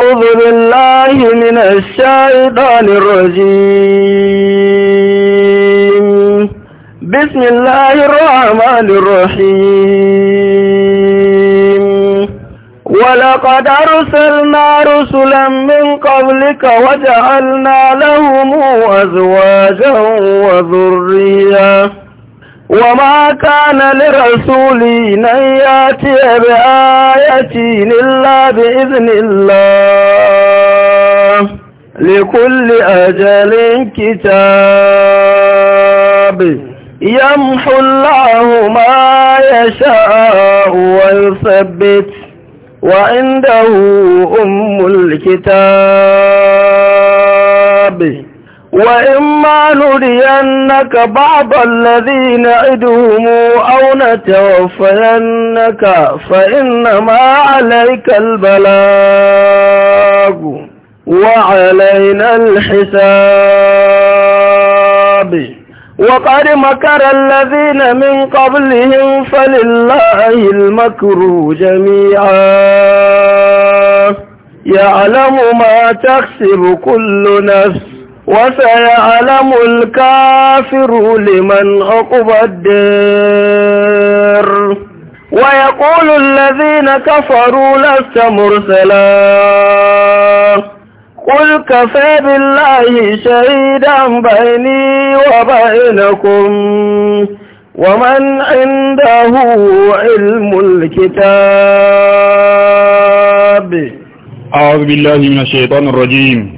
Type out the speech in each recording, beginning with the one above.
أعوذ بالله من الشيطان الرجيم بسم الله الرحمن الرحيم ولقد أرسلنا رسلا من قبلك وجعلنا لهم أزواجا وذريا وما كان لرسول أن يأتي بآية إلا بإذن الله لكل أجل كتاب يمحو الله ما يشاء ويثبت وعنده أم الكتاب وإما نرينك بعض الذين عدهم أو نتوفينك فإنما عليك البلاغ وعلينا الحساب وقد مكر الذين من قبلهم فلله المكر جميعا يعلم ما تخسر كل نفس وسيعلم الكافر لمن عقب الدير ويقول الذين كفروا لست مرسلا قل كفى بالله شهيدا بيني وبينكم ومن عنده علم الكتاب أعوذ بالله من الشيطان الرجيم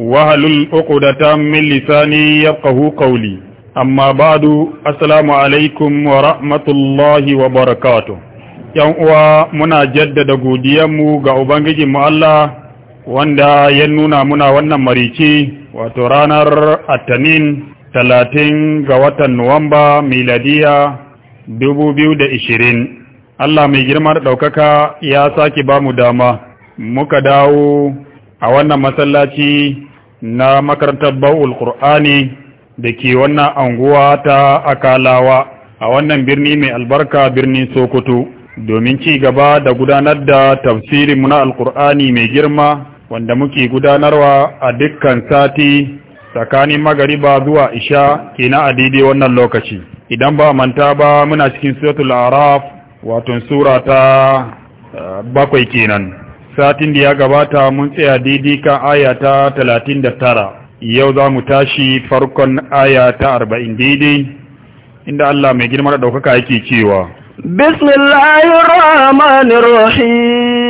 wahalul uqdatan min lisani yafqahu qawli amma ba'du assalamu alaikum wa rahmatullahi wa barakatuh yan uwa muna jaddada godiyanmu ga ubangiji mu Allah wanda ya nuna muna wannan marici wato ranar atanin talatin ga watan nuwamba miladiya dubu biyu da ishirin Allah mai girman ɗaukaka ya sake ba mu dama muka dawo a wannan masallaci na makarantar ba'ul qur'ani da ke wannan anguwa ta akalawa a wannan birni mai albarka birnin sokoto domin ci gaba da gudanar da tafsirinmu na alkur'ani mai girma wanda muke gudanarwa a dukkan sati tsakanin magariba zuwa isha na a daidai wannan lokaci idan ba manta ba muna cikin suratul araf wato sura ta eh, bakwai kenan satin da ya gabata mun tsaya daidai kan aya ta talatin da tara yau za mu tashi farkon aya ta arba'in daidai inda Allah mai girma da ɗaukaka yake cewa bismillahirrahmanirrahim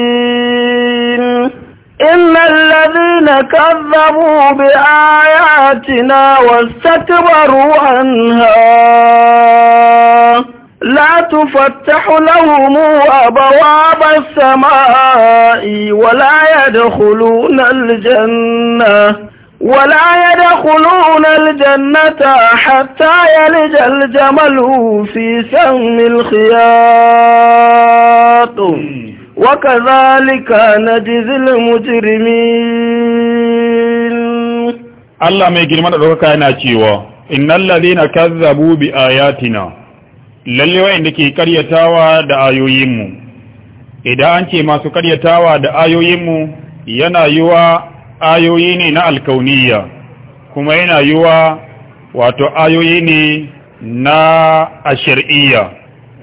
إن الذين كذبوا بآياتنا واستكبروا عنها لا تفتح لهم أبواب السماء ولا يدخلون الجنة ولا يدخلون الجنة حتى يلج الجمل في سم الخياط وكذلك نجزي المجرمين الله ما يجرمنا دوكا كاينا تشيوا ان الذين كذبوا باياتنا lalle wayanda ke karyatawa da ayoyinmu idan an ce masu karyatawa da ayoyinmu yana yiwa ayoyi ne na alkauniya kuma yana yiwa wato ayoyi ne na ashir'iyya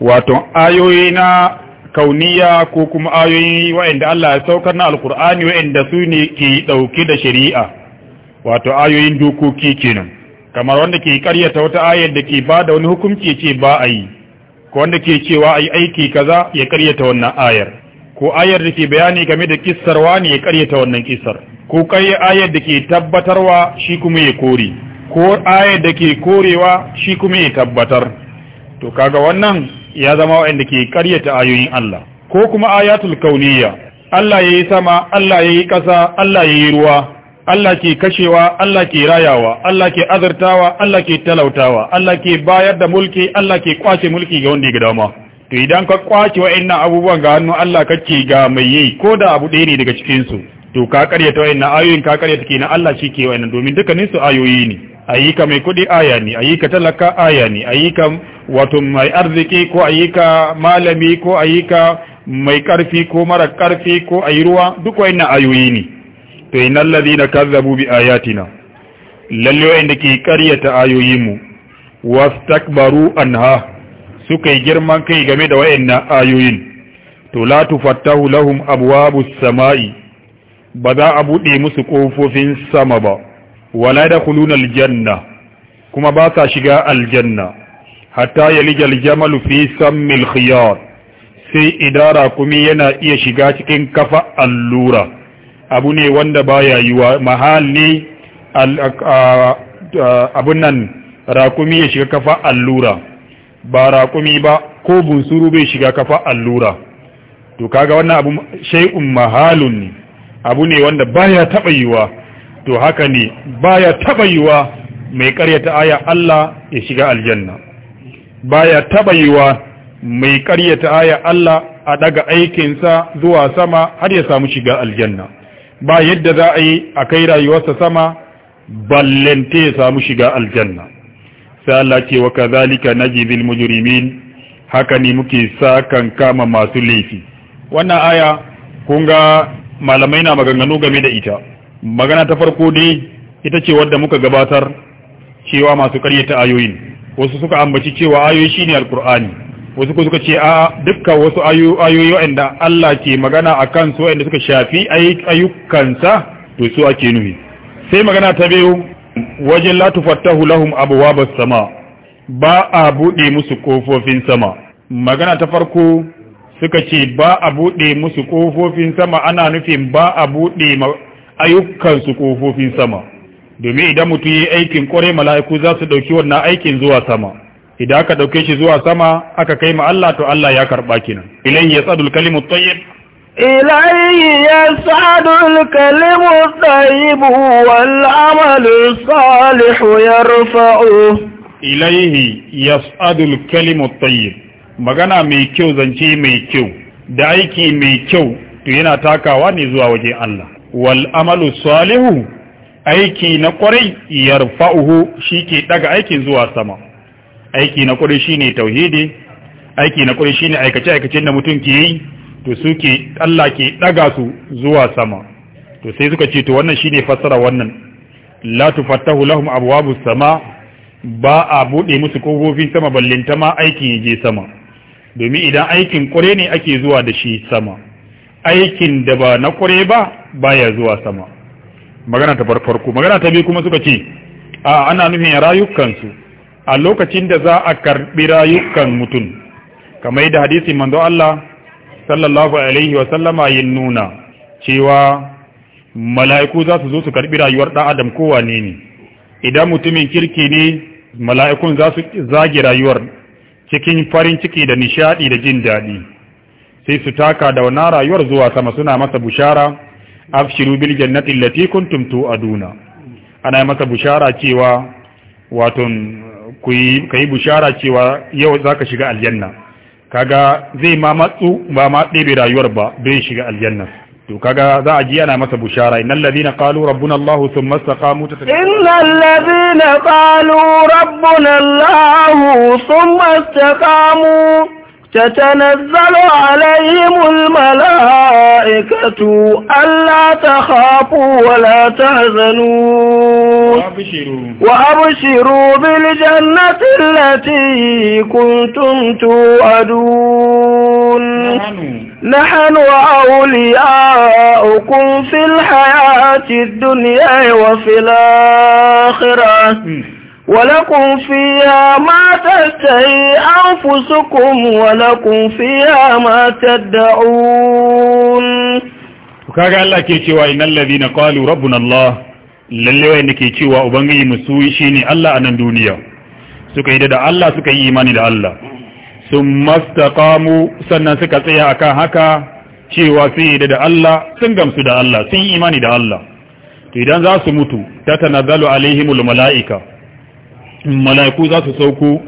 wato ayoyi na kauniya ko kuma ayoyi wayanda Allah ya saukar na alkur'ani waanda su ne ke dauke da shari'a wato ayoyin dokoki kenan kamar wanda ke karyata wata ayar da ke ba da wani hukunci ce ba a yi wanda ke cewa ai aiki kaza ya karyata wannan ayar ko ayar da ke bayani game da kissar wani ya karyata wannan kissar ko kai ayar da ke tabbatarwa shi kuma ya kore ko ayar da ke korewa shi kuma ya tabbatar to kaga wannan ya zama wa'anda ke karyata ayoyin Allah ko kuma ayatul kauniyya Allah yayi sama Allah yayi ƙasa Allah yayi ruwa Allah ke kashewa Allah ke rayawa Allah ke azartawa Allah ke talautawa Allah ke bayar da mulki Allah ke kwace mulki ga wanda ya dama to idan ka kwace wa'annan abubuwan ga hannu Allah kake ga mai yi ko da abu ɗaya ne daga cikin su to ka karyata wa'annan ayoyin ka karyata na Allah shi ke wa'annan domin dukkanin su ayoyi ne ayyuka mai kuɗi aya ne ayyuka talaka aya ne ayyuka wato mai arziki ko ka malami ko ka mai ƙarfi ko mara ƙarfi ko ayi ruwa duk wa'annan ayoyi ne to innal ladina kazzabu bi ayatina Lalloyin da ke karyata ayoyinmu wastakbaru anha suka yi girman kai game da wayannan ayoyin to la tufattahu lahum abwabus samai ba za a buɗe musu ƙofofin sama ba wala da aljanna kuma ba sa shiga aljanna hatta yalija aljamalu fi sammil khiyar sai idara kuma yana iya shiga cikin kafa allura abu ne wanda baya wa mahalli abun nan rakumi ya shiga kafa allura ba rakumi ba ko bunsuru bai shiga kafa allura to kaga wannan abu shay'un mahalun ne abu ne wanda baya taba wa to haka ne baya taba yiwa mai karyata aya Allah ya shiga aljanna baya taba wa mai karyata aya Allah a daga aikinsa zuwa sama har ya samu shiga aljanna ba yadda za a yi a kai rayuwarsa sama ballante ya samu shiga aljanna sai Allah ce wa kazalika najizil mujrimin haka ne muke sa sakan kama masu laifi wannan aya kun ga malamai na maganganu game da ita magana ta farko dai ita ce wadda muka gabatar cewa masu karyata ayoyin wasu suka ambaci cewa ayoyi shine alqur'ani wasu ko suka ce a dukkan wasu ayoyi waɗanda Allah ke magana a kansu waɗanda suka shafi ayyukansa to su ake nuhi sai magana ta biyu wajen la tufattahu abuwa ba sama ba a buɗe musu ƙofofin sama magana ta farko suka ce ba a buɗe musu ƙofofin sama ana nufin ba a buɗe ayyukansu ƙofofin sama domin idan mutum yi aikin kware mala'iku za su ɗauki wannan aikin zuwa sama idan aka dauke shi zuwa sama aka kai ma Allah to Allah ya karba kenan ilayhi yasadul kalimut tayyib ilayhi yasadul kalimut tayyib wal amalus salih yarfa'u ilayhi yasadul kalimut tayyib magana mai kyau zance mai kyau da aiki mai kyau to yana takawa ne zuwa waje Allah wal amalu salihu aiki na kwarai yarfa'uhu shi ke daga aikin zuwa sama aiki na kuri shine tauhidi aiki na kuri shine aikace aikacen da mutum ke yi to suke Allah ke daga su zuwa sama to sai suka ce to wannan shine fassara wannan la tufattahu lahum abwabu sama ba a bude musu kofofin sama ballinta ma ya je sama domin idan aikin kure ne ake zuwa da shi sama aikin da ba na kure ba baya zuwa sama magana ta farko magana ta biyu kuma suka ce a ana nufin rayukansu a lokacin da za a karɓi rayukan mutum kamar da hadisi manzo Allah sallallahu alaihi wa sallama yin nuna cewa mala'iku za su zo su karɓi rayuwar ɗan adam kowane ne idan mutumin kirki ne mala'ikun za su zagi rayuwar cikin farin ciki da nishaɗi da jin daɗi sai su taka da wannan rayuwar zuwa sama suna masa bushara afshiru bil jannati allati kuntum tu'aduna ana masa bushara cewa waton ku yi ka yi bushara cewa yau za ka shiga aljanna kaga zai ma matsu ba ma ɗebe rayuwar ba bai shiga aljanna to kaga za a ji ana masa bushara innal ladina qalu rabbuna allah thumma istaqamu innal ladina qalu rabbuna allah thumma istaqamu تتنزل عليهم الملائكة ألا تخافوا ولا تحزنوا وأبشروا بالجنة التي كنتم توعدون نحن أولياؤكم في الحياة الدنيا وفي الآخرة ولكم فيها ما تشتهي أنفسكم ولكم فيها ما تدعون وكاقا الله كيشيوا إن الذين قالوا ربنا الله للي وإن كيشيوا أبنغي مسويشيني الله عن الدنيا سكي دا الله سكي إيماني دا الله ثم استقاموا سنة سكتيها أكا هكا cewa sun yi da Allah sun gamsu da Allah sun yi imani da Allah to idan za su mutu ta tanazzalu alaihimul mala'ika mala'iku za su sauko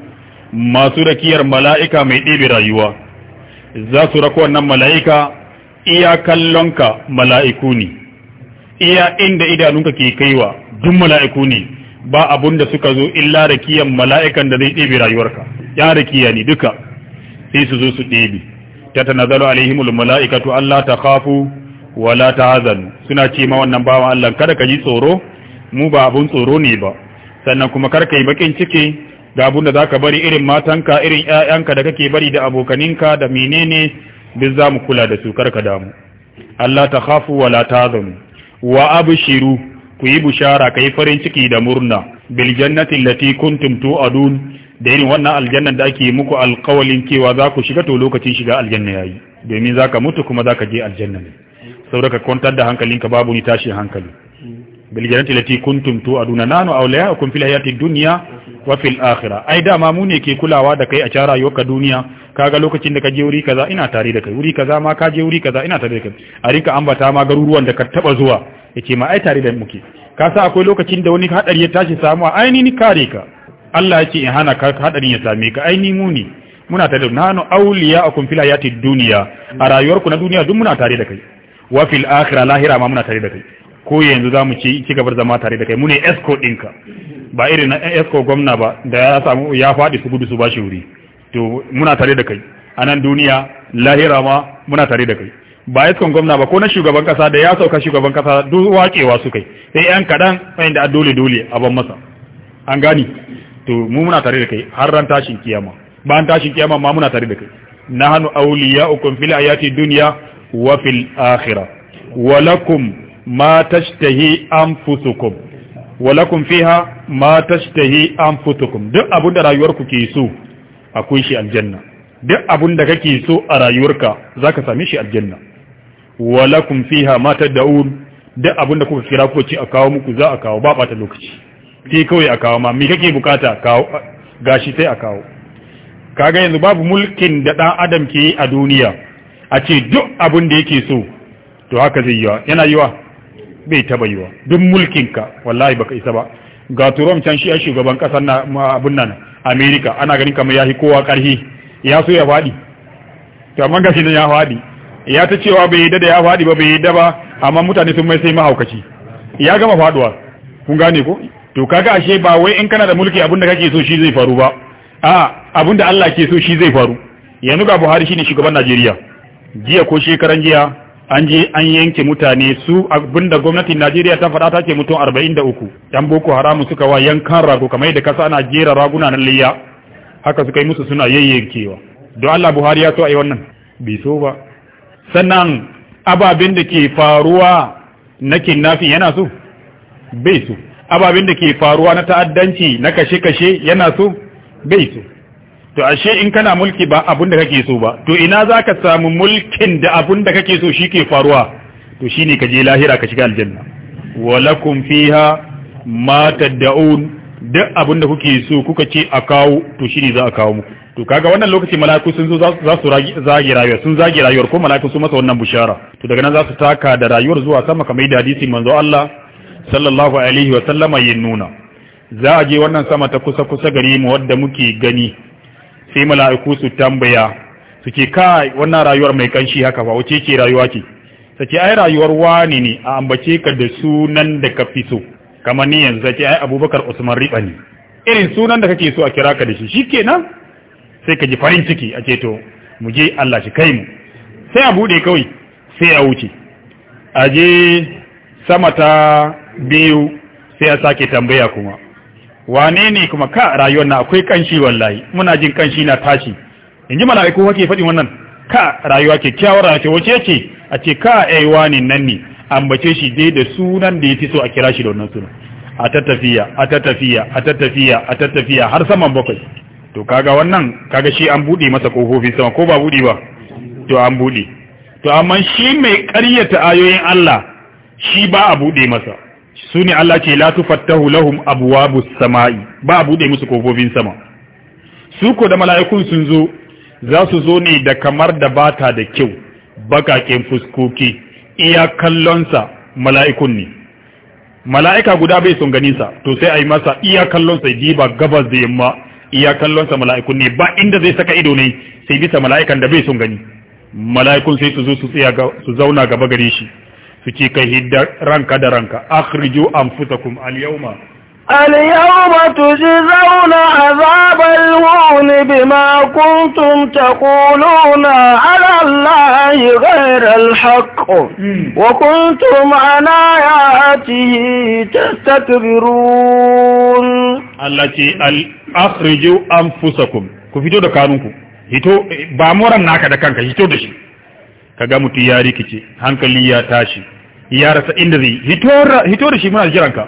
masu rakiyar mala'ika mai ɗebe rayuwa za su rako wannan mala'ika iya kallonka mala'iku ne iya inda idanunka ke kaiwa duk mala'iku ne ba abun da suka zo illa rakiyar mala'ikan da zai ɗebe rayuwarka ya rakiya ne duka sai su zo su ɗebe ta tanazalu alaihimul mala'ikatu Allah ta khafu wala ta hazanu suna ce ma wannan bawan Allah kada ka ji tsoro mu ba abun tsoro ne ba sannan kuma karka yi bakin ciki ga abun da zaka bari irin matanka irin ƴaƴanka da kake bari da abokaninka da menene duk za mu kula da su ka damu Allah ta khafu wa la tazum wa abshiru ku yi bushara kai farin ciki da murna bil jannati allati kuntum tu'adun da irin wannan aljanna da ake muku alƙawalin cewa za ku shiga to lokacin shiga aljanna yayi domin zaka mutu kuma zaka je aljanna ne saboda ka kwantar da hankalinka babu ni tashi hankali biljannati lati kuntum aduna nanu awliya'ukum fil hayati dunya wa fil akhirah ai da ma mu ne ke kulawa da kai a cara yoka duniya kaga lokacin da ka je wuri kaza ina tare da kai wuri kaza ma ka je wuri kaza ina tare da kai a rika ambata ma garuruwan da ka taba zuwa yace ma ai tare da muke ka sa akwai lokacin da wani hadari ya tashi samu ai ni ni kare ka Allah yake in hana ka hadarin ya same ka ai ni mu ne muna tare da nanu awliya'ukum fil hayati dunya a rayuwarku na duniya duk muna tare da kai wa fil akhirah lahira ma muna tare da kai ko yanzu za mu ci ci gabar zama tare da kai mu ne esco ɗinka ba irin na esco gwamna ba da ya samu ya faɗi su gudu su ba shi wuri to muna tare da kai a nan duniya lahira ma muna tare da kai ba esco gwamna ba ko na shugaban kasa da ya sauka shugaban kasa duk wakewa su kai sai yan kaɗan sayin da dole dole a ban masa an gani to mu muna tare da kai har ran tashin kiyama an tashin kiyama ma muna tare da kai nahnu awliya'ukum fil ayati dunya wa fil akhirah wa lakum ma tashtahi anfusukum walakum fiha ma tashtahi anfusukum duk abun da rayuwarku ke so akwai shi aljanna duk abun da kake so a rayuwarka zaka same shi aljanna walakum fiha ma tad'un duk abun da kuka kira kuka ci a kawo muku za a kawo ba bata lokaci sai kawai a kawo ma me kake bukata kawo gashi sai a kawo kaga yanzu babu mulkin da dan adam ke yi a duniya a ce duk abun da yake so to haka zai yiwa yana yiwa bai taba yiwa duk mulkinka wallahi baka isa ba ga turom can shi ai shugaban kasar na abun nan america ana ganin kamar ya kowa karhi ya so ya faɗi to amma gashi nan ya faɗi ya ta cewa bai yadda da ya faɗi ba bai yadda ba amma mutane sun mai sai mahaukaci ya gama faduwa kun gane ko to kaga ashe ba wai in kana da mulki abinda kake so shi zai faru ba a abinda Allah ke so shi zai faru yanzu ga Buhari shine shugaban Najeriya jiya ko shekaran jiya an je an yanke mutane su abinda gwamnatin Najeriya ta faɗa ta ce mutum 43 yan boko haramu suka wa yankan rago kamar yadda kasa ana jera raguna na liya haka suka yi musu suna yayyankewa don Allah Buhari ya so a yi wannan bai so ba sannan ababen da ke faruwa na kinnafi yana so bai so ababen da ke faruwa na ta'addanci na kashe-kashe yana so bai so to ashe in kana mulki ba abun da kake so ba to ina za ka samu mulkin da abun da kake so shi ke faruwa to shi ne ka je lahira ka shiga aljanna walakum fiha ma tad'un duk abun da kuke so kuka ce a kawo to shi ne za a kawo muku to kaga wannan lokaci mala'iku sun zo za su zage rayuwar sun zage rayuwar ko mala'iku su masa wannan bushara to daga nan za su taka da rayuwar zuwa sama kamar da hadisi manzo Allah sallallahu alaihi wa sallama yin nuna za a je wannan sama ta kusa kusa gari mu wadda muke gani sai mala'iku su tambaya su ce kai wannan rayuwar mai kanshi haka ba wace ce rayuwa ce ta ce ai rayuwar wani ne a ambace ka da sunan da ka fi so kamar ni yanzu ta ce ai abubakar usman riba ne irin sunan da kake so a kira ka da shi shi nan. sai ka ji farin ciki a ce to mu je Allah shi kai mu sai a buɗe kawai sai a wuce a je sama ta biyu sai a sake tambaya kuma wane ne kuma ka rayuwar na akwai kanshi wallahi muna jin kanshi na tashi in ji mala'iku wake faɗin wannan ka rayuwa kyakkyawar rayuwa ce wace ce a ce ka ai eh, wani nan ne ambace shi dai da sunan da ya fi so a kira shi da wannan sunan a tattafiya a tattafiya a tattafiya a tattafiya har saman bakwai to kaga wannan kaga shi an buɗe masa kofofi sama ko ba buɗe ba to an buɗe to amma shi mai ƙaryata ayoyin Allah shi ba a buɗe masa su ne Allah ce la tufattahu lahum abwabus sama'i ba a bude musu kofofin sama su ko da mala'ikun sun zo za su zo ne da kamar da bata da kyau bakaƙen fuskoki iya kallonsa mala'ikun ne mala'ika guda bai son sa to sai a yi masa iya kallonsa diba gabas da yamma iya kallonsa mala'ikun ne ba inda zai saka ido ne sai bisa mala'ikan da bai son gani mala'ikun sai su zo su tsaya su zauna gaba gare shi su ce ka hidda ranka da ranka akhrijo an fusa kuma alyauma alyauma tuji zauna a zaɓar wuni bi makon tunta kuluna alallahi gairar alhaƙo hmm. wa kuntu ma'ana ya ci yi ta tafirun allaci akhrijo an fusa kuma ku fito da kanunku ba moran naka da kanka hito da shi kaga mutum ya rikice hankali ya tashi ya rasa inda zai hito da shi muna jiranka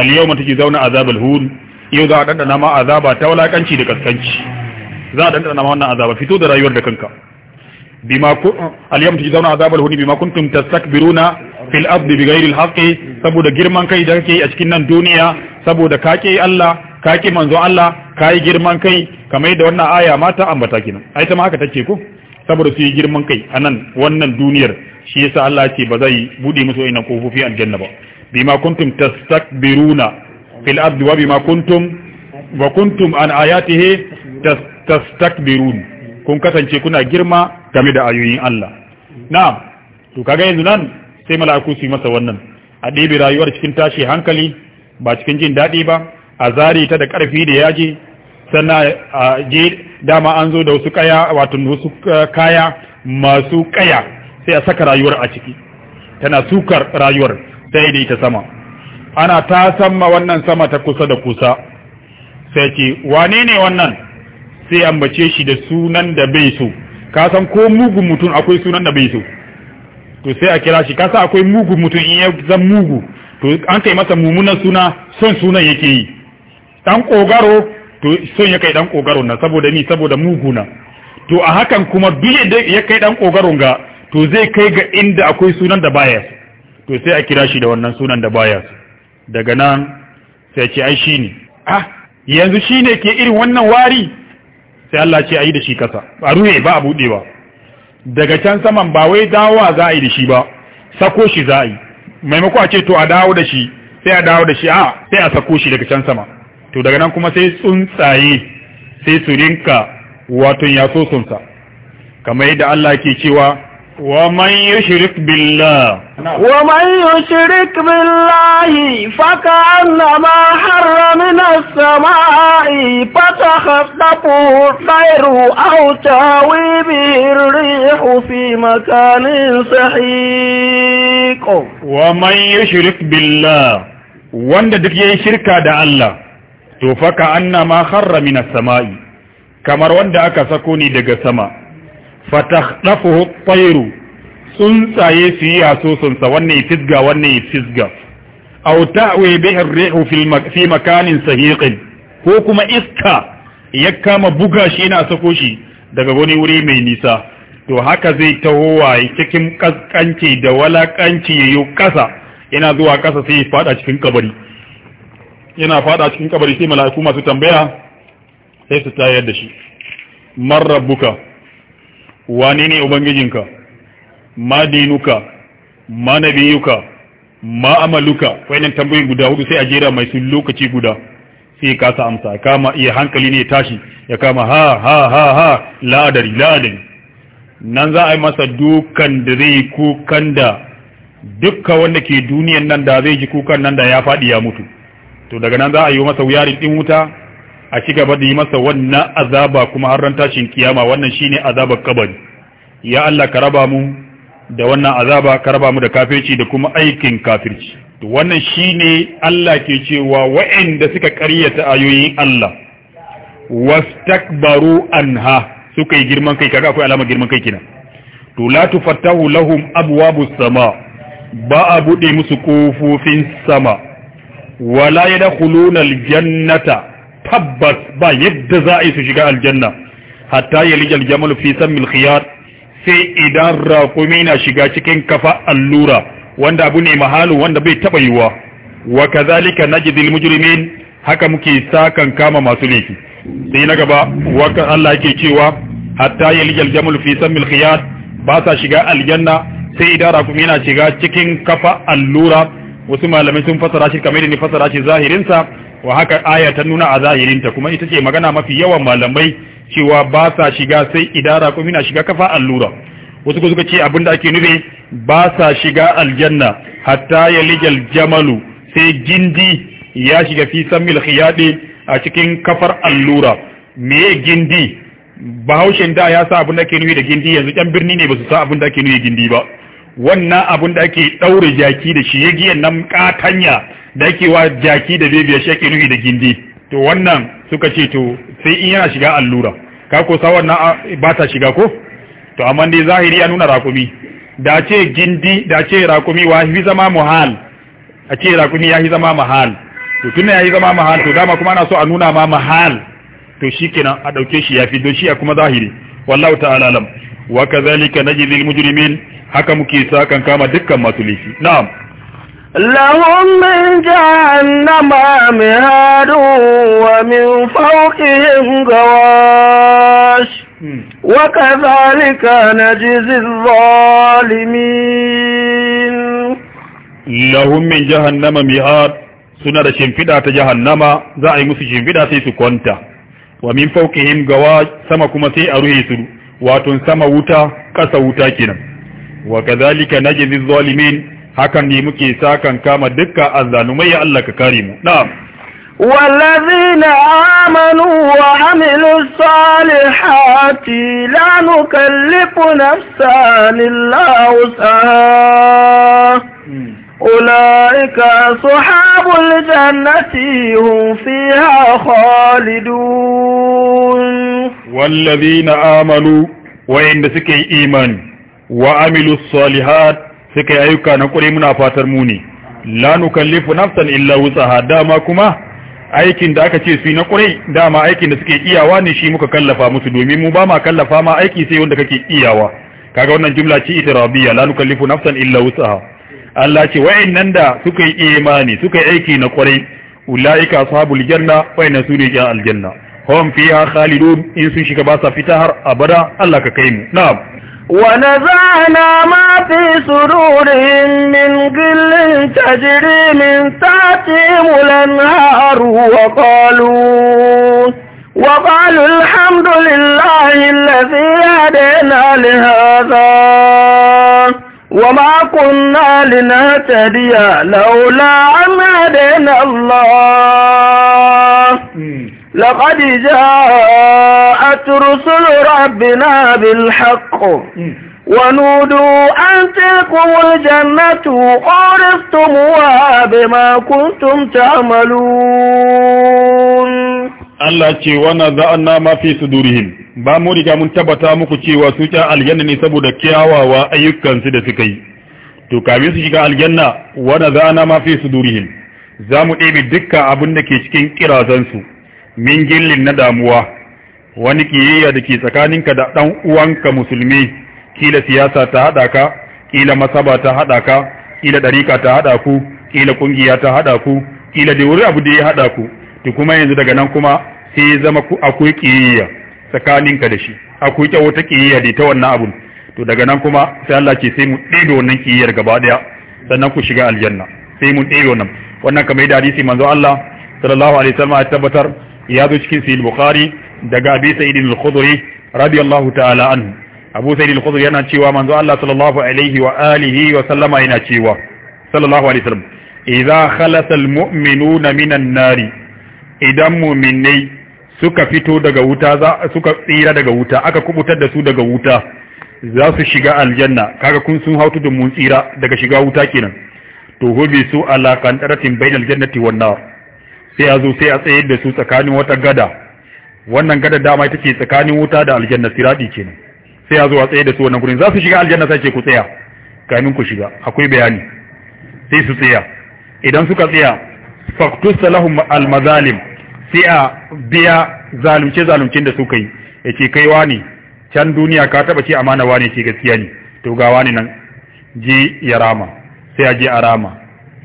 al yau mata ki zauna azabal hun yau za a ɗanɗana ma azaba ta walakanci da kaskanci za a ɗanɗana ma wannan azaba fito da rayuwar da kanka bima ku al yau mata ki zauna azabal hun bima kuntum tastakbiruna fil ardi bighairi al haqqi saboda girman kai da kake a cikin nan duniya saboda kake Allah kake manzo Allah kai girman kai kamar da wannan aya mata ambata kinan ai ta ma haka take ko saboda su yi girman kai a nan wannan duniyar shi yasa Allah ce ba zai buɗe musu wa'annan kofofi aljanna ba bima kuntum tastakbiruna fil ardi wa bima kuntum wa kuntum an ayatihi tastakbirun kun kasance kuna girma game da ayoyin Allah na'am to kaga yanzu nan sai mala'iku su yi masa wannan a ɗebe rayuwar cikin tashi hankali ba cikin jin daɗi ba a zare ta da ƙarfi da yaji sannan a je dama an zo da wasu kaya wato wasu eh, kaya masu kaya sai a saka rayuwar a ciki tana sukar rayuwar sai da ita sama ana ta sama wannan sama ta kusa da kusa sai ce wane ne wannan sai ambace shi da sunan da bai so ka san ko mugun mutum akwai sunan da bai so to sai a kira shi ka san akwai mugun mutum in ya zan mugu to an kai masa mummunan suna son sunan yake yi dan kogaro to son ya kai dan kogaron na saboda ni saboda na to a hakan kuma duk ya kai dan kogaron ga to zai kai ga inda akwai sunan da baya to sai a kira shi da wannan sunan da baya daga nan sai ce ai shine ah yanzu shine ke irin wannan wari sai Allah ce ayi da shi kasa a ruhe ba a bude daga can saman ba wai dawowa za a yi da shi ba sako shi za a yi maimako a ce to a dawo da shi sai a dawo da shi a ah, sai a sako shi daga can sama to daga nan kuma sai tsuntsaye sai su rinka wato ya so tsuntsa kamar yadda Allah ke cewa wa man yushrik billah wa man yushrik billah! fa ka annama harrama samai fa ta sayru aw tawi rihu fi makanin sahiq wa man yushrik billah wanda duk yayin shirka da Allah to faka anna ma kharra min as-sama'i kamar wanda aka sako ne daga sama fatakhdafuhu at-tayru tsuntsaye su yi asosun sa wannan fisga wannan fisga aw ta'wi bihi ar-rihu fi makanin sahiqin ko kuma iska ya kama buga shi yana sako shi daga wani wuri mai nisa to haka zai taho wa cikin kaskanci da walakanci yayo kasa yana zuwa kasa sai ya fada cikin kabari yana fada cikin kabari sai mala'iku masu tambaya sai su tayar da shi man rabbuka wane ne ubangijinka ma dinuka ma nabiyuka ma amaluka wayannan guda hudu sai a jera mai su lokaci guda sai ka sa amsa kama iya hankali ne tashi ya kama ha ha ha ha la'adari la'adari nan za a yi masa dukan da zai yi kukan da dukka wanda ke duniyan nan da zai ji kukan nan da ya faɗi ya mutu to daga nan za a yi masa wuyarin din wuta a ci gaba da yi masa wannan azaba kuma har ran tashin kiyama wannan shine azabar kabari ya Allah ka raba mu da wannan azaba ka raba mu da kafirci da kuma aikin kafirci to wannan shine Allah ke cewa wa'anda suka ƙaryata ayoyin Allah wastakbaru anha suka yi girman kai kaga akwai alamar girman kai kina to la tufattahu lahum abwabus sama ba a bude musu kofofin sama wala ya yadkhuluna aljannata tabbas ba yadda za a yi su shiga aljanna hatta yalijal jamal fi sammil milkiyar sai idan raƙumi na shiga cikin kafa allura wanda abu ne mahalu wanda bai taba yiwa wa kazalika najidil mujrimin haka muke sakan kama masu laifi sai na gaba waka Allah yake cewa hatta yalijal jamal fi sammil milkiyar ba sa shiga aljanna sai idan raƙumi na shiga cikin kafa allura wasu malamai sun fassara shi kamar ne fassara shi zahirinsa wa haka aya ta nuna a zahirinta kuma ita ce magana mafi yawan malamai cewa ba sa shiga sai idara ko na shiga kafa allura wasu ko suka ce abin da ake nufi ba sa shiga aljanna hatta ya lijal jamalu sai gindi ya shiga fi sammil khiyadi a cikin kafar allura me gindi bahaushen da ya sa abin da ake nufi da gindi yanzu yan birni ne ba su sa abin da ake nufi gindi ba wannan abun da ake ɗaure jaki da shi ya nan katanya da ake wa jaki da bebiya shi ake nufi da gindi to wannan suka ce to sai in yana shiga allura ka ko sa wannan ba ta shiga ko to amma dai zahiri ya nuna rakumi da ce gindi da ce rakumi wa fi zama muhal a ce rakumi ya fi zama muhal to tunda ya fi zama muhal to dama kuma ana so a nuna ma muhal to shikenan a dauke shi ya fi doshi shi ya kuma zahiri wallahu ta'ala alam wa kadhalika najzil mujrimin haka muke sakan kama dukkan masu laifi na'am lahum min jahannama hadu wa min fawqihim gawash وكذلك نجزي الظالمين لهم min jahannama mihad suna da shimfiɗa ta jahannama za a yi musu shimfiɗa sai su kwanta wa min fawqihim gawa sama kuma sai a ruhe su wato sama wuta ƙasa wuta kenan وَكَذَلِكَ kadhalika الظَّالِمِينَ zalimin hakan ساكا كَامَ sakan kama dukkan azzalumai ya نعم والذين آمنوا وعملوا الصالحات لا نكلف نفسا إلا وسعها أولئك أصحاب الجنة هم فيها خالدون والذين آمنوا وَعِنْدَ سكي إيمان wa amilu salihat suka yi ayyuka na ƙure muna fatar mu ne la nukallifu nafsan illa wusaha dama kuma aikin da aka ce su na ƙure dama aikin da suke iyawa ne shi muka kallafa musu domin mu ba ma kallafa ma aiki sai wanda kake iyawa kaga wannan jumla ce itirabiyya la nukallifu nafsan illa wusaha Allah ce wa'annan da suka yi imani suka yi aiki na ƙure ulaika ashabul janna wa'annan su ne aljanna hum fiha khalidun in sun shiga ba sa fita har abada Allah ka kai mu na'am ونزعنا ما في صدورهم من قل تجري من تحتهم الانهار وقالوا وقالوا الحمد لله الذي هدينا لهذا وما كنا لنهتدي لولا أن هدينا الله لقد جاء جاءت رسل ربنا بالحق ونودوا أن تلكم الجنة أورثتموها بما كنتم تعملون Allah ce wannan za an nama fi ba mu riga mun tabbata muku cewa su ta aljanna ne saboda kyawawa su da suka yi to kafin su shiga aljanna wannan za an nama fi sudurihim za mu ɗebe dukkan abin da ke cikin kirazansu min gillin na damuwa wani kiyayya da ke tsakaninka da ɗan uwanka musulmi kila siyasa ta haɗa ka kila masaba ta haɗa ka kila ɗarika ta haɗa ku kila ƙungiya ta haɗa ku kila da wuri abu da ya haɗa ku to kuma yanzu daga nan kuma sai zama ku akwai kiyayya tsakaninka da shi akwai ta wata kiyayya da ta wannan abun to daga nan kuma sai Allah ce sai mu ɗebe wannan kiyayyar gaba ɗaya sannan ku shiga aljanna sai mu ɗebe wannan wannan kamar da hadisi manzo Allah sallallahu alaihi wasallam ya tabbatar ya zo cikin sahih bukhari daga abi sa'id al-khudri radiyallahu ta'ala an abu sa'id al-khudri yana cewa manzo Allah sallallahu alaihi wa alihi wa sallama yana cewa sallallahu alaihi wasallam idza khalasa al-mu'minuna minan nari idan mu'minai suka fito daga wuta za suka tsira daga wuta aka kubutar da su daga wuta za su shiga aljanna kaga kun sun hautu da mun tsira daga shiga wuta kenan to hobi su ala qantaratin bainal jannati wan nar sai a zo sai a tsayar da su tsakanin wata gada wannan gadar dama ita ce tsakanin wuta da aljanna siradi kenan sai ya zo a tsaye da su wannan gurin za su shiga aljanna sai ce ku tsaya kamin ku shiga akwai bayani sai su tsaya idan suka tsaya faktus lahum almazalim sai a biya zalunce zaluncin da suka yi yace kai wani can duniya ka taba ce amana wani ce gaskiya ne to ga wani nan je ya rama sai a je a rama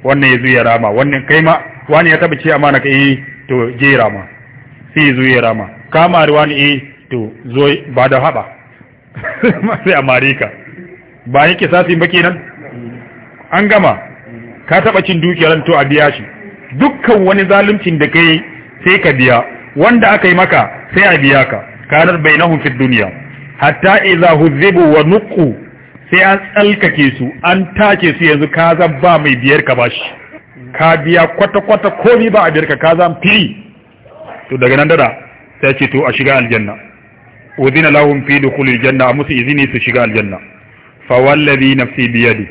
wannan ya zo ya rama wannan kai ma wani ya taba ce amana kai eh, to je ya rama sai zo ya rama kama ruwan e eh, to zo ba da haɓa sai a ba yake sasin ba kenan an gama ka taɓa cin dukiyar to a biya shi dukkan wani zaluncin da kai sai ka biya wanda aka yi maka sai a biya ka kanar bainahum fi duniya hatta idza huzibu wa nuqu sai an tsalkake su an take su yanzu ka zan ba mai biyar ka bashi ka biya kwata kwata komai ba a biyar ka ka zan fili to daga nan dara, sai ce to a shiga aljanna Udina lahum fi dukhulil janna musu izini su shiga aljanna fa wallazi nafsi bi yadi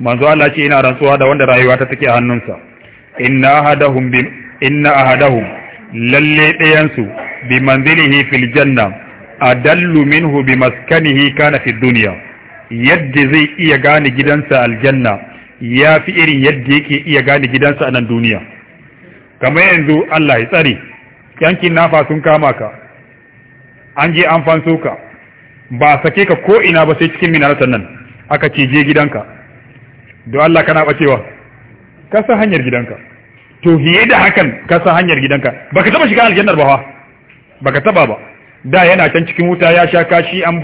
manzo Allah ce ina rantsuwa da wanda rayuwa ta take a hannunsa inna ahadahum bi inna ahadahum lalle dayan su bi manzilihi fil janna adallu minhu bi maskanihi kana fi dunya yadda zai iya gane gidansa aljanna ya fi irin yadda yake iya gane gidansa a nan duniya kamar yanzu Allah ya tsare yankin nafa sun kama ka an je an fanso ka ba sake ka ko ina ba sai cikin minaratan nan aka ce je gidanka don Allah kana bacewa ka san hanyar gidanka to hiye da hakan ka san hanyar gidanka baka taba shiga aljannar ba fa baka taba ba da yana can cikin wuta ya sha kashi an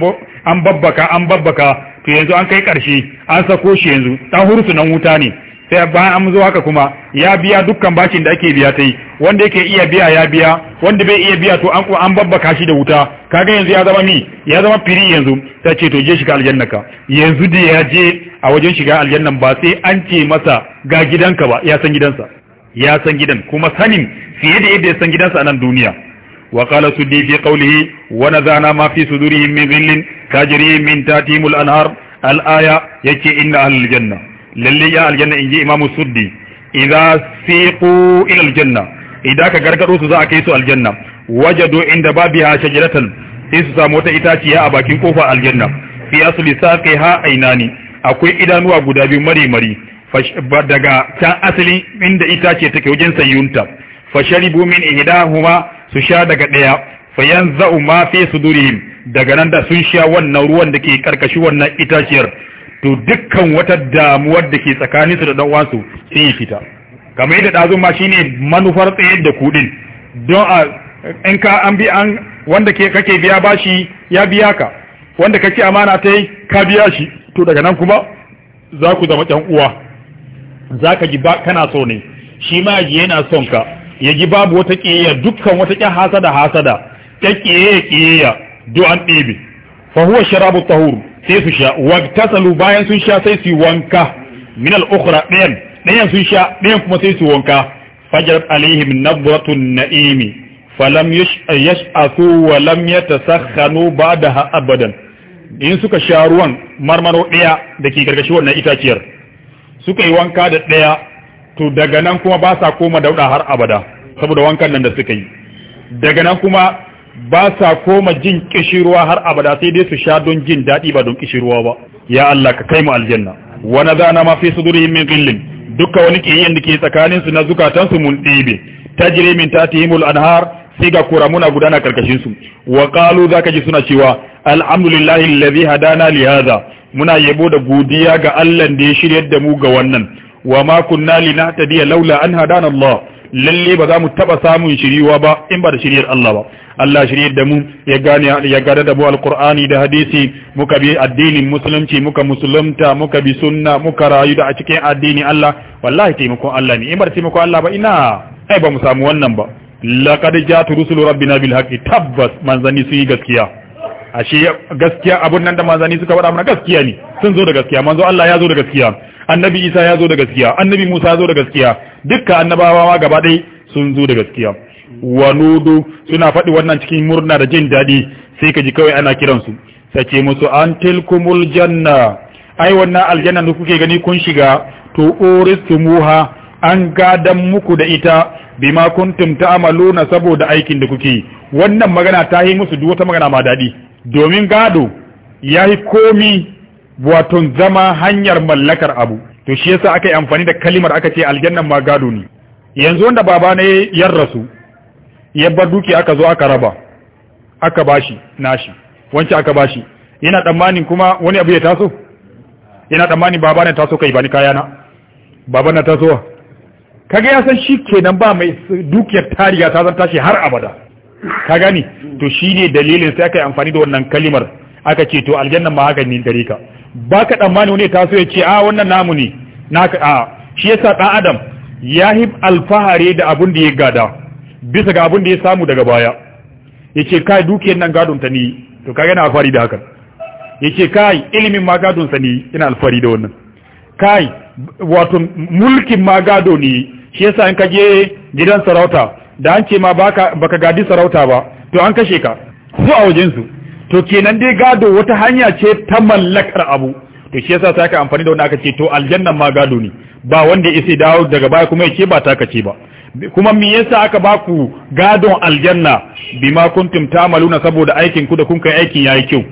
babbaka an babbaka to yanzu an kai karshe an sako shi yanzu ta hursu nan wuta ne sai bayan an zo haka kuma ya biya dukkan bashin da ake biya ta yi wanda yake iya biya ya biya wanda bai iya biya to an an babbaka shi da wuta kaga yanzu ya zama mi ya zama firi yanzu ta ce to je shiga aljannaka yanzu da ya je a wajen shiga aljannan ba sai an ce masa ga gidanka ba ya san gidansa ya san gidan kuma sanin fiye da yadda ya san gidansa a nan duniya wa qala suddi fi qawlihi wa nadana ma fi sudurihim min ghillin tajri min tatimul anhar al-aya yake inna al janna lalle ya aljanna in inji imamu suddi idza siqu ila aljanna idan ka gargado su za a kai su aljanna wajadu inda babiha shajaratan sai su samu wata itaciya a bakin kofar aljanna fi asli saqiha ainani akwai idanuwa guda biyu mari mari daga can asali inda itace take wajen sayunta fasharibu min ihdahuma su sha daga daya fayanza'u ma fi sudurihim daga nan da sun sha wannan ruwan da ke karkashi wannan itaciyar to dukkan wata damuwar da ke tsakanin su da dan uwansu sai ya fita kamar yadda dazu ma shine manufar tsaye da kudin don a in ka an bi an wanda ke kake biya bashi ya biya ka wanda kake amana ta yi ka biya shi to daga nan kuma za ku zama ƴan uwa za ka ji ba kana so ne shi ma ji yana son ka ya ji babu wata ƙiyayya dukkan wata ƙyan hasada hasada ta ƙiyayya ƙiyayya do an ɗebe fa huwa sharabu tahur sai su sha wagtasalu bayan sun sha sai su wanka min al-ukhra ɗayan ɗayan sun sha ɗayan kuma sai su wanka fajarat alaihim nabratun na'imi falam yash'asu wa lam yatasakhanu ba'daha abadan in suka sha ruwan marmaro ɗaya da ke gargashi wannan itaciyar suka yi wanka da ɗaya to daga nan kuma ba sa koma dauɗa har abada saboda wankan nan da suka yi daga nan kuma ba sa koma jin kishirwa har abada sai dai su sha don jin daɗi ba don kishirwa ba ya Allah ka kai mu aljanna Wani nadana ma fi sudurihim min qillin dukkan wani kiyayen da ke tsakanin su na zukatan su mun ɗebe Ta jire min tatihimul anhar sai ga muna gudana karkashin su wa za zaka ji suna cewa alhamdulillahi alladhi hadana li hadha muna yabo da godiya ga Allah da ya shiryar da mu ga wannan wa ma kunna linahtadiya laula an hadana Allah lalle ba za mu taba samun shiriwa ba in ba da shiriyar Allah ba Allah shirye da mu ya gane ya gada da mu alqur'ani da hadisi muka bi addinin musulunci muka musulunta muka bi sunna muka rayu da a cikin addini Allah wallahi taimakon Allah ne in ba taimakon Allah ba ina ai ba mu samu wannan ba laqad ja'at rusulu rabbina bil haqqi tabbas manzanni su yi gaskiya ashe gaskiya abun nan da manzani suka faɗa mana gaskiya ne sun zo da gaskiya manzo Allah ya zo da gaskiya annabi Isa ya zo da gaskiya annabi Musa ya zo da gaskiya dukkan annabawa ma gaba ɗaya sun zo da gaskiya wa nudu suna faɗi wannan cikin murna da jin daɗi sai ka ji kawai ana kiransu sai ce musu an tilkumul janna ai wannan aljanna da kuke gani kun shiga to uristumuha an gadan muku da ita bima kuntum ta'maluna saboda aikin da kuke wannan magana ta yi musu duk wata magana ma daɗi domin gado ya yi komi waton zama hanyar mallakar abu to shi yasa aka yi amfani da kalimar aka ce aljannan ma gado ne yanzu wanda baba ne ya rasu ya bar duki aka zo aka raba aka bashi nashi wancan aka bashi yana tsammanin kuma wani abu ya taso yana tsammanin baba ne taso kai bani kayana baba na tasowa kaga ya san shi kenan ba mai dukiyar tariya ta zan tashi har abada ka gani to shine dalilin sai aka yi amfani da wannan kalimar aka ce to aljanna ma haka ne gare ka ba ka tsammani wani taso ya ce a wannan namu ne naka a shi yasa dan adam ya yi alfahari da abun da ya gada bisa ga abun da ya samu daga baya yace kai dukiyar nan gadon ta ni to kaga na alfahari da haka yace kai ilimin ma gadon sa ni ina alfahari da wannan kai wato mulkin ma gado ne shi yasa in ka je gidan sarauta da an ce ma baka ka gadi sarauta ba to an kashe ka su a wajen su to kenan dai gado wata hanya ce ta mallakar abu to shi yasa sai ka amfani da wani aka ce to aljannan ma gado ne ba wanda ya dawo daga baya kuma ya ce ba ta kace ba kuma me yasa aka ba ku gadon aljanna bima kuntum maluna saboda aikin ku da kun kai aikin yi kyau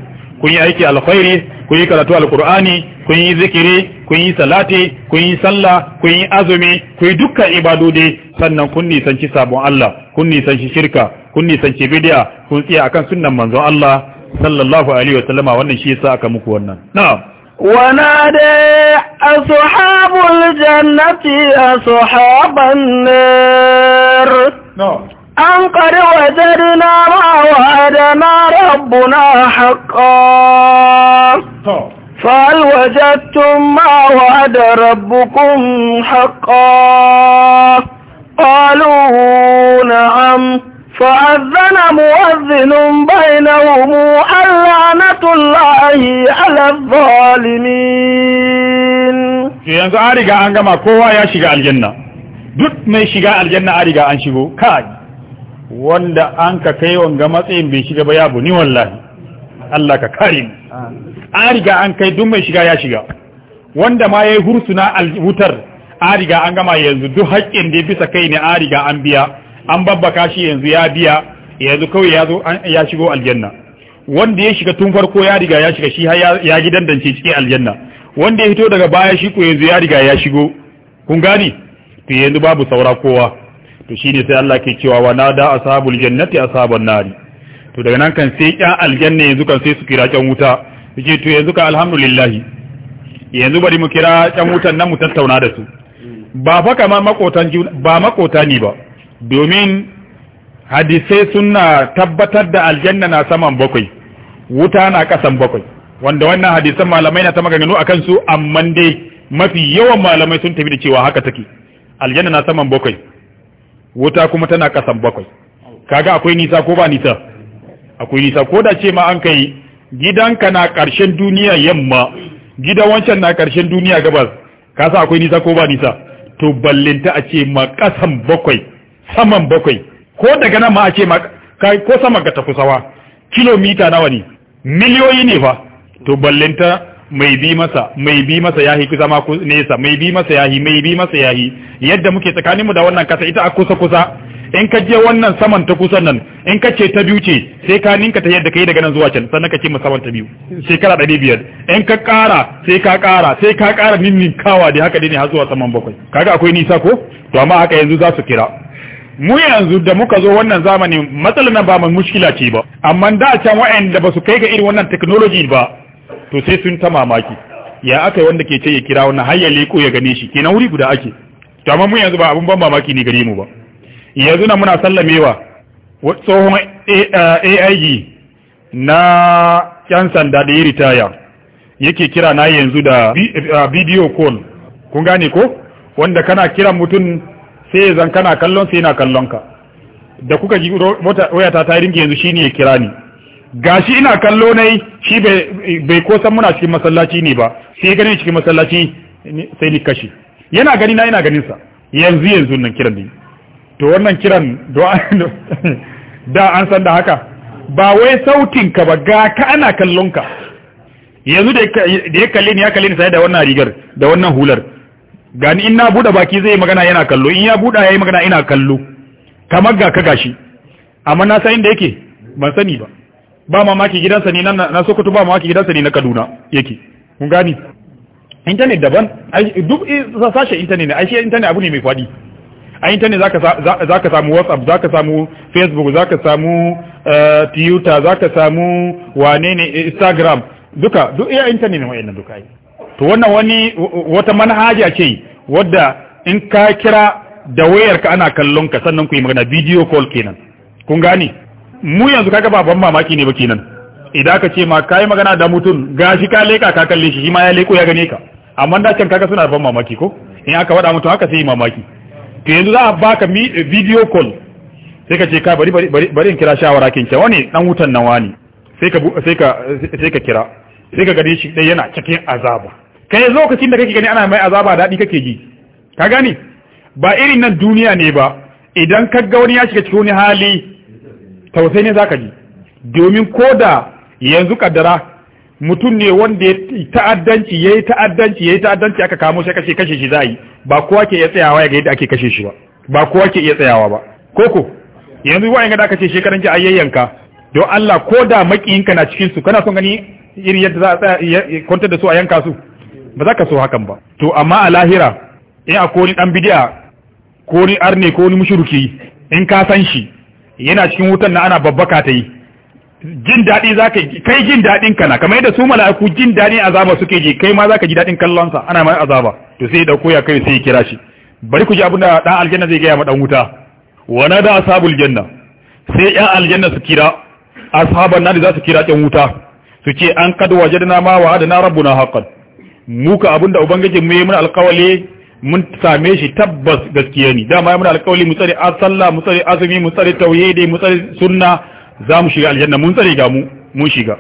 kun yi aiki alkhairi kun yi karatu alkur'ani kun yi zikiri kun yi salati kun yi sallah kun yi azumi kun yi dukkan ibadodi sannan kun nisanci sabon Allah kun nisanci shirka kun nisanci bid'a kun tsaya akan sunnan manzon Allah sallallahu alaihi wa sallama wannan shi yasa aka muku wannan na'am ونادى أصحاب الجنة أصحاب النار no. an kari wajarina ma wa'adana rabbuna haƙa فهل وجدتم ما وعد ربكم حقا قالوا نعم فأذن مؤذن Allah na Tullahi على الظالمين yanzu an riga an gama kowa ya shiga aljanna duk mai shiga aljanna an riga an shigo kai wanda an ka kai wanga matsayin bai shiga ba ya bu ni wallahi Allah ka kare mu an riga an kai duk mai shiga ya shiga wanda ma yayi hursuna alwutar an riga an gama yanzu duk haƙƙin da bisa kai ne an riga an biya an babbaka shi yanzu ya biya yanzu kawai ya zo ya shigo aljanna wanda ya shiga tun farko ya riga ya shiga shi ya gidan dance cikin aljanna wanda ya fito daga baya shi ko yanzu ya riga ya shigo kun gani to yanzu babu saura kowa to shi ne sai Allah ke cewa wa nada ashabul jannati ashaban nari to daga nan kan sai kyan aljanna yanzu kan sai su kira kyan wuta suke to yanzu kan alhamdulillah yanzu bari mu kira kyan wutan nan mu tattauna da su ba fa kama makotan ba makota ne ba domin hadisai suna tabbatar da aljanna na saman bakwai wuta na kasan bakwai wanda wannan hadisan malamai na ta maganganu a kansu amma dai mafi yawan malamai sun tafi da cewa haka take aljanna na saman bakwai wuta kuma tana kasan bakwai kaga akwai nisa ko ba nisa akwai nisa ko da ce ma an kai gidanka na karshen duniya yamma gidan wancan na karshen duniya gabas ka sa akwai nisa ko ba nisa to ballinta a ce ma kasan bakwai saman bakwai ko daga nan ma a ce ma ko sama ga takusawa kilomita nawa ne miliyoyi ne fa to ballinta mai bi masa mai bi masa yahi kusa ma nesa mai bi masa yahi mai bi masa yahi yadda muke tsakanin mu da wannan kasa ita a kusa kusa in ka je wannan saman ta kusan nan in ka ce ta biyu ce sai ka ninka ta yadda kai daga nan zuwa can sannan ka ce musamman ta biyu shekara ɗari biyar in ka ƙara sai ka ƙara sai ka ƙara ninninkawa da haka dai ne har zuwa saman bakwai kaga akwai nisa ko to amma haka yanzu za su kira mu yanzu da muka zo wannan zamani matsalar nan ba mai mushkila ce ba amma da can wa'anda ba su kai ga irin wannan technology ba to sai sun ta mamaki ya aka wanda ke ce ya kira wannan har ya leko ya gane shi kenan wuri guda ake to amma mu yanzu ba abun ban mamaki ne gare mu ba yanzu nan muna sallamewa tsohon AIG na yan sanda da ya ritaya yake kira na yanzu da video call kun gane ko wanda kana kiran mutum sai zan kana kallon sai yana kallon da kuka ji waya ta ta ringe yanzu shine ya kira ni gashi ina kallo nai shi bai ko san muna cikin masallaci ne ba sai gani cikin masallaci sai ni kashi yana gani na ina ganin sa yanzu yanzu nan kiran ne to wannan kiran da an san da haka ba wai sautin ka ba ga ka ana kallon ka yanzu da ya kalle ni ya kalle ni sai da wannan rigar da wannan hular gani in na buɗe baki zai magana yana kallo in ya buɗa yayi magana ina kallo kamar ga ka gashi amma na san inda yake ban sani ba ba mamaki gidansa ne na Sokoto ba mamaki gidansa ne na Kaduna yake kun gani internet daban duk sashe internet ne ai shi internet abu ne mai fadi a internet za ka samu WhatsApp za ka samu Facebook za ka samu eh, Twitter ka samu wane ne eh, Instagram duka duk iya internet ne na duka ai to wannan wani wata manhaja ce wadda in ka kira da wayarka ana kallon ka sannan ku yi magana video call kenan kun gani mu yanzu kaga ba ban mamaki ne ba kenan idan ka ce ma kai magana da mutum gashi ka leka ka kalle shi ma ya leko ya gane ka amma da can kaga suna ban mamaki ko in aka wada mutum haka sai mamaki to yanzu za a baka eh, video call sai ka ce ka bari bari bari in kira shawara kin kyawa ne dan wutan nan wani sai ka sai ka sai ka kira sai ka gane shi dai yana cikin azaba kai lokacin da kake gani ana mai azaba dadi kake ji ka gani ba irin nan duniya ne ba idan ka ga wani ya shiga cikin wani hali Tausai ne zaka ji domin ko da yanzu kadara mutum ne wanda ya ta'addanci ya yi ta'addanci ya yi ta'addanci aka kamo shi kashe kashe shi za yi ba kowa ke iya tsayawa ya ga yadda ake kashe shi ba ba kowa ke iya tsayawa ba koko yanzu wa'in da aka ce shekaran ji ayayyanka don Allah ko da makiyinka na cikin su kana son gani iri yadda za a tsaya kwantar da su a yanka su ba za ka so hakan ba to amma a lahira in ko ni dan bidiya ko ni arne ko ni mushruki in ka san shi yana cikin wutan na ana babbaka ta yi jin daɗi za kai jin daɗin kana kamar yadda su mala'iku jin daɗin azaba suke ji kai ma za ka ji daɗin sa ana mai azaba to sai ɗauko ya kai sai kira shi bari ku ji abin da ɗan aljanna zai gaya ma ɗan wuta wa na da ashabul janna sai ƴan aljanna su kira ashaban nan za su kira ƴan wuta su ce an kad wajadna ma wa adana rabbuna haqqan muka abinda ubangijin mu yi mana alƙawali mun same shi tabbas gaskiya ne dama ya muna alƙawali mu tsare sallah mu tsare azumi mu tsare tauhidi mu tsare sunna za mu shiga aljanna mun tsare ga mu mun shiga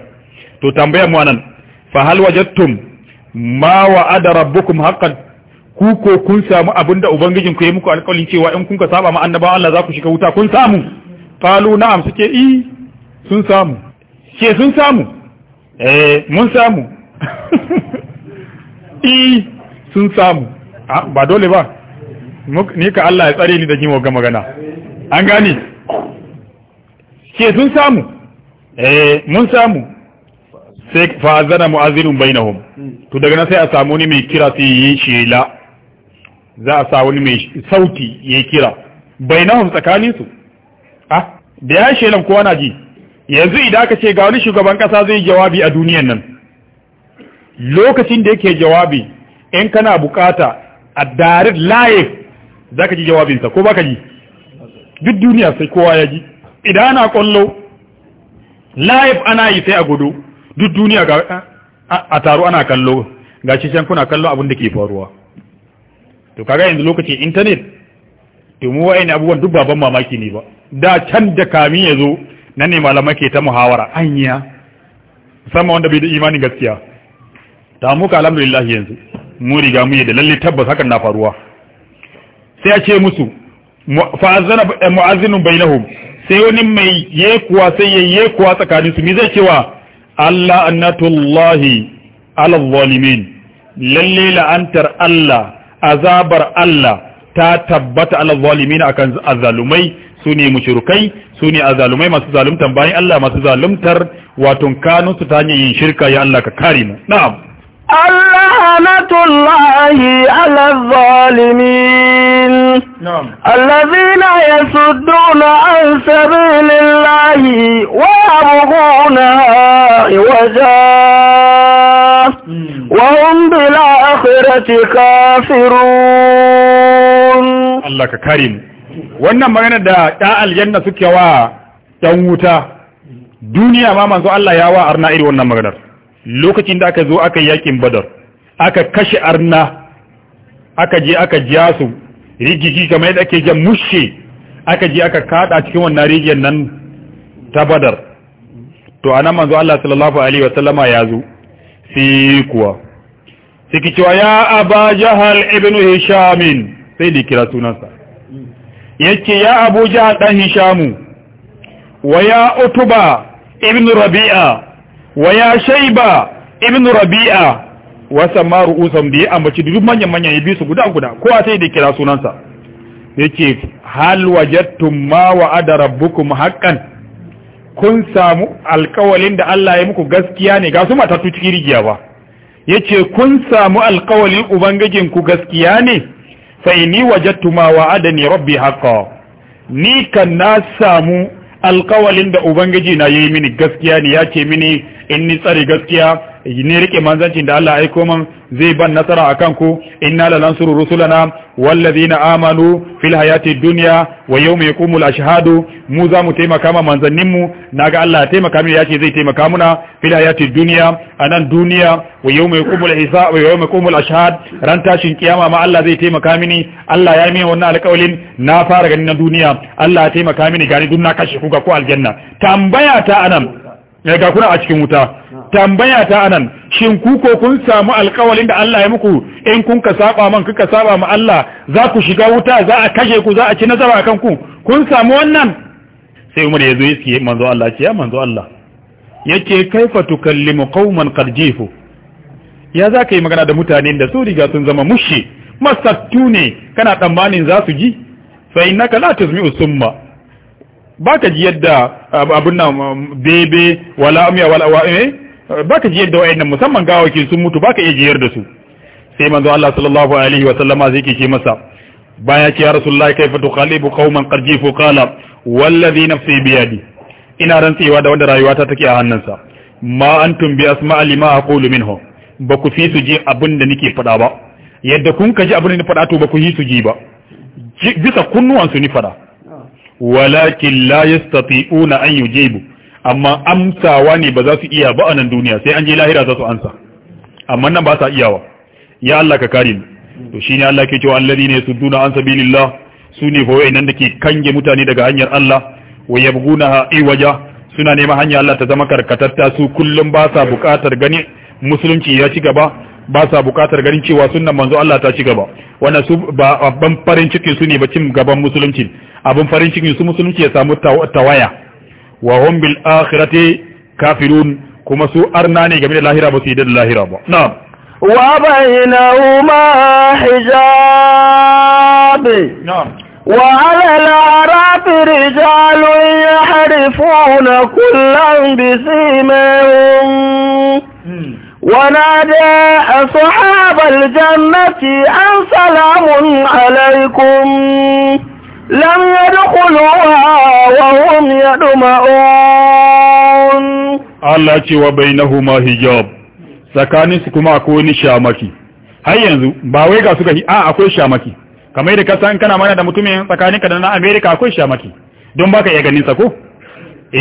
to tambayar mu anan fa hal wajadtum ma wa'ada rabbukum haqqan ku ko kun samu abinda ubangijin ku yi muku alƙawali cewa in kun ka saba ma annabawan Allah za ku shiga wuta kun samu qalu na'am suke i sun samu ke sun samu eh mun samu i sun samu ba dole ba ni ka Allah ya tsare ni da jin ga magana an gane ke sun samu eh mun samu sai fa zana mu'azzinun bainahum to daga nan sai a samu ni mai kira sai yi shela za a samu ni mai sauti yayi kira bainahum tsakanin su ah da ya shelan kowa na ji yanzu idan aka ce ga wani shugaban kasa zai jawabi a duniyan nan lokacin da yake jawabi in kana bukata addarid laye ka ji jawabinsa ko ba ka ji duk duniya sai kowa ya ji idan ana kwallo live ana yi sai a gudu duk duniya a taro ana kallo ga can kuna kallo abin da ke faruwa to kaga yanzu lokacin intanet to mu wa'ani abubuwan duk baban mamaki ne ba da can da kamin ya zo nan ne malamai ke ta muhawara anya sama wanda bai da imanin gaskiya ta muka alhamdulillah yanzu mu riga mu yi da lalle tabbas hakan na faruwa sai a ce musu fa'azana eh, mu'azzinun bainahum sai wani mai yekuwa sai ya yekuwa tsakanin su mi zai cewa Allah annatullahi ala zalimin lalle la'antar Allah azabar Allah ta tabbata ala zalimin akan azzalumai su ne mushrikai su ne masu zalumtan bayan Allah masu zalumtar wato kanun su ta yin shirka ya Allah ka kare mu na'am Allahanatullahi alazalimin. Allazina ya suduna an sabi lillahi wa abubuwa waje. Wahun bila akhirati kafirun. Allah ka karin. Wannan magana da ɗa aljanna suke wa ɗan wuta, duniya ma manzo Allah ya wa arna iri wannan maganar. lokacin da aka zo aka yakin badar aka kashe arna aka je aka ja su rigigi kamar yadda ake jan mushe aka je aka kada cikin wannan rigiyar nan ta badar to anan manzo Allah sallallahu alaihi wa sallama ya zo sai kuwa sai cewa ya aba jahal ibn hisham sai da kira sunansa yake ya abu jahal dan hishamu wa ya utuba ibn rabi'a wa ya shaiba ibn rabi'a wa samaru usam bi ambaci duk manyan manyan ya su guda guda a sai da kira sunansa yace hal wajadtum ma wa'ada rabbukum haqqan kun samu alkawalin da Allah ya muku gaskiya ne ga su tu cikin rigiya ba yace kun samu alkawalin ubangijin ku gaskiya ne fa inni wajadtu ma ni rabbi haqqan ni kan na samu alkawalin da ubangiji na yayi mini gaskiya ne yace mini in ni tsare gaskiya ne rike manzancin da Allah aiko man zai ban nasara akan ku inna la nansuru rusulana wallazina amanu fil hayati dunya wa yawma yaqumul ashhadu mu za mu taimaka ma manzannin mu naga Allah ya taimaka mini yace zai taimaka muna fil hayati dunya anan duniya wa yawma yaqumul hisab wa yawma yaqumul ashhad ran tashin kiyama ma Allah zai taimaka mini Allah ya yi wannan alƙawalin na fara ganin na duniya Allah ya taimaka mini gani dun na kashe ku ga ku aljanna tambaya ta anan ya eh, ga kuna a cikin wuta tambaya ta anan shin ku ko kun samu alƙawalin da Allah ya muku in kun ka saba man kuka saba ma Allah za ku shiga wuta za a kashe ku za a ci nazara akan ku kun samu wannan sai Umar ya zo ya ce manzo Allah ce ya manzo Allah yace kaifa tukallimu qauman qad jifu ya za ka yi magana da mutanen da su riga sun zama mushi masattu ne kana tsammanin za su ji fa innaka la tazmi'u summa ba ka ji yadda abin nan um, bebe wala amiya wala wa'ime eh, ba ka ji yadda wa'annan musamman gawaki sun mutu ba ka iya jiyar da su sai manzo Allah sallallahu alaihi wa sallama zai ke masa baya ce ya rasulullahi kaifa tuqalibu qauman qad jifu qala wallazi nafsi ina rantsewa da wanda rayuwata take a hannunsa ma antum bi asma'a lima aqulu minhu ba ku fi su ji abin da nake faɗa ba yadda kun ka ji abin da ni faɗa to ba ku yi su ji ba bisa kunnuwansu ni faɗa walakin la yastati'una an yujibu amma amsawa ne ba za su iya ba a nan duniya sai an je lahira za su ansa amma nan ba sa iyawa ya Allah ka kare mu to shine Allah ke cewa alladhina yasudduna an sabilillah sune fa wayannan dake kange mutane daga hanyar Allah wa yabgunaha iwaja suna neman hanya Allah ta zama karkatatta su kullum ba sa bukatar gani musulunci ya ci gaba ba sa bukatar ganin cewa sunnan manzo Allah ta ci gaba wannan su ba babban farin cikin su ne ba cin gaban musulunci abin farin cikin su musulunci ya samu tawaya wa hum bil akhirati kafirun kuma su arna ne game da lahira ba su yi da lahira ba na'am wa bainahuma hijab na'am وعلى الأعراف رجال يحرفون كلا بسيمهم ونادى أصحاب الجنة أن سلام عليكم لم يدخلوها وهم يدمعون Allah ce wa bainahuma hijab tsakanin kuma akwai shamaki har yanzu ba wai ga suka a akwai shamaki kamar da ka san kana mana da mutumin tsakanin ka da na America akwai shamaki don baka iya ganin sa ko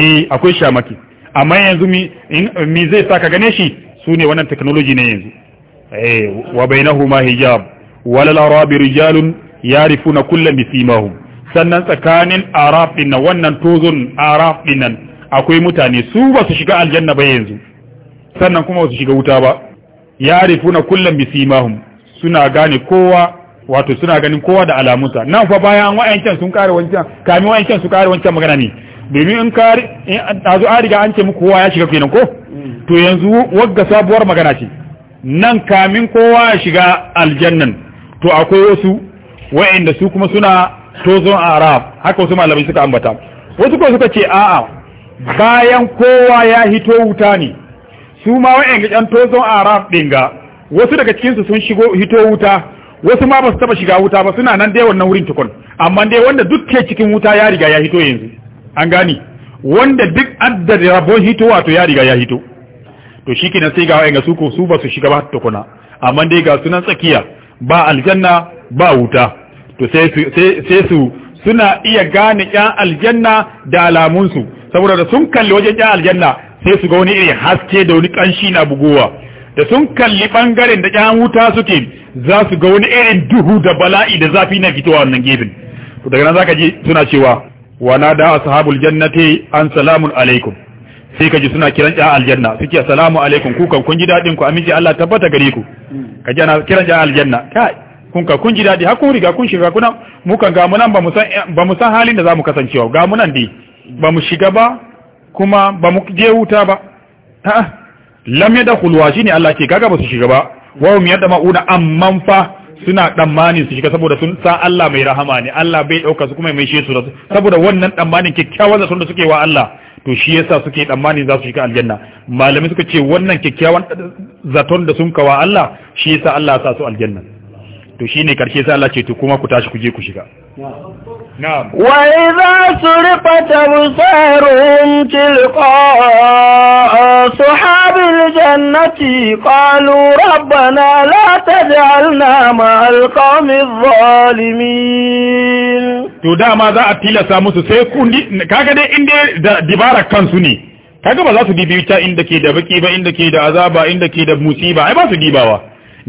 eh akwai shamaki amma yanzu mi mi zai saka gane shi sune wannan technology ne yanzu eh wa bainahuma hijab wal arabi rijalun yarifuna kullam bisimahum sannan tsakanin araf din nan wannan tozon araf din nan akwai mutane su ba su shiga aljanna ba yanzu sannan kuma ba su shiga wuta ba na kullum bisimahum suna gane kowa wato suna ganin kowa da alamunsa nan fa bayan wa'ancan sun kare wancan kamin wa'ancan su kare wancan magana ne domin in kare a zo an riga an ce muku kowa ya shiga kenan ko to yanzu wagga sabuwar magana ce nan kamin kowa ya shiga aljannan to akwai wasu wa'anda su kuma suna Tozon araf haka wasu malamai suka ambata wasu kuma suka ce a'a bayan kowa ya hito wuta ne su ma wa'yan yan tozon araf dinga wasu daga cikin su sun shigo hito wuta wasu ma ba su taba shiga wuta ba suna nan dai wannan wurin tukun amma dai wanda duk ke cikin wuta ya riga ya hito yanzu an gani wanda duk adda rabon hito wato ya riga ya hito to shikenan sai ga wa'yan su ko su ba su shiga ba tukuna amma dai ga sunan tsakiya ba aljanna ba wuta to sai su suna iya gane ƴan aljanna da alamunsu saboda da sun kalli wajen ƴan aljanna sai su ga wani irin haske da wani kanshi na bugowa da sun kalli bangaren da ƴan wuta suke za su ga wani irin duhu da bala'i da zafi na fitowa wannan gefen to daga nan zaka ji suna cewa wa nada ashabul jannati an salamun alaikum sai kaji suna kiran ƴan aljanna suke assalamu alaikum ku kan kun ji dadin ku aminci Allah tabbata gare ku Kaji ana kiran ƴan aljanna kai kun ka kun ji dadi har kun riga kun shiga kuna mu kan ga munan ba mu san ba mu san halin da zamu kasancewa ga munan dai ba mu shiga ba kuma ba mu je wuta ba ha lam yadkhulu wa shine Allah ke kaga ba su shiga ba wa hum yadma'una amman fa suna dammanin su shiga saboda sun sa Allah mai rahama ne Allah bai dauka su kuma mai shi su saboda wannan dammanin kikkiawan zaton da suke wa Allah to shi yasa suke dammanin za su shiga aljanna malamai suka ce wannan kikkiawan zaton da sun kawa Allah shi yasa Allah ya sa su aljanna to shine karshe sai Allah ce to kuma ku tashi ku je ku shiga na'am wa idza surifata absaruhum tilqa sahabil jannati qalu rabbana la taj'alna ma'al qawmiz zalimin to dama za a tilasa musu sai kundi kaga dai inda dibara kansu ne kaga ba za su dibi ta inda ke da baki ba inda ke da azaba inda ke da musiba ai ba su dibawa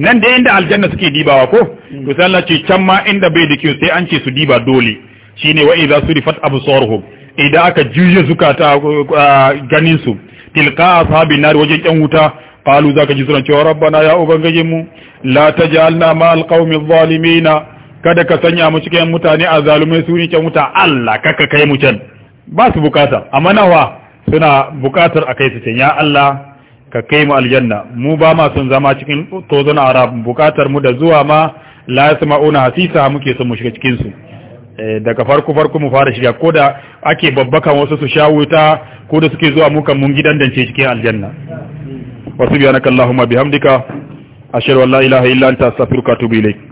nan da inda aljanna suke dibawa ko to sai Allah ce can ma inda bai da kyau sai an ce su diba dole shine wa idza surifat absaruhum idan aka juye zukata uh, ganin su tilqa ashabi nar wajen yan wuta qalu zaka ji suran cewa rabbana ya mu la taj'alna ma alqawmi zalimina kada ka sanya mu cikin mutane azalumai su ne can wuta Allah kaka kai mu can ba su bukata amma nawa suna bukatar akai su can ya Allah ka kai mu aljanna mu ba ma son zama cikin tozon arab bukatar mu da zuwa ma la yasma'una hasisa muke son mu shiga cikin su eh, daga farko farko mu fara shiga ko da ake babbakan wasu su shawuta ko da suke zuwa mu kan mun gidan dance cikin aljanna wasu biyanaka allahumma bihamdika ashhadu an la ilaha illa anta astaghfiruka wa atubu ilayk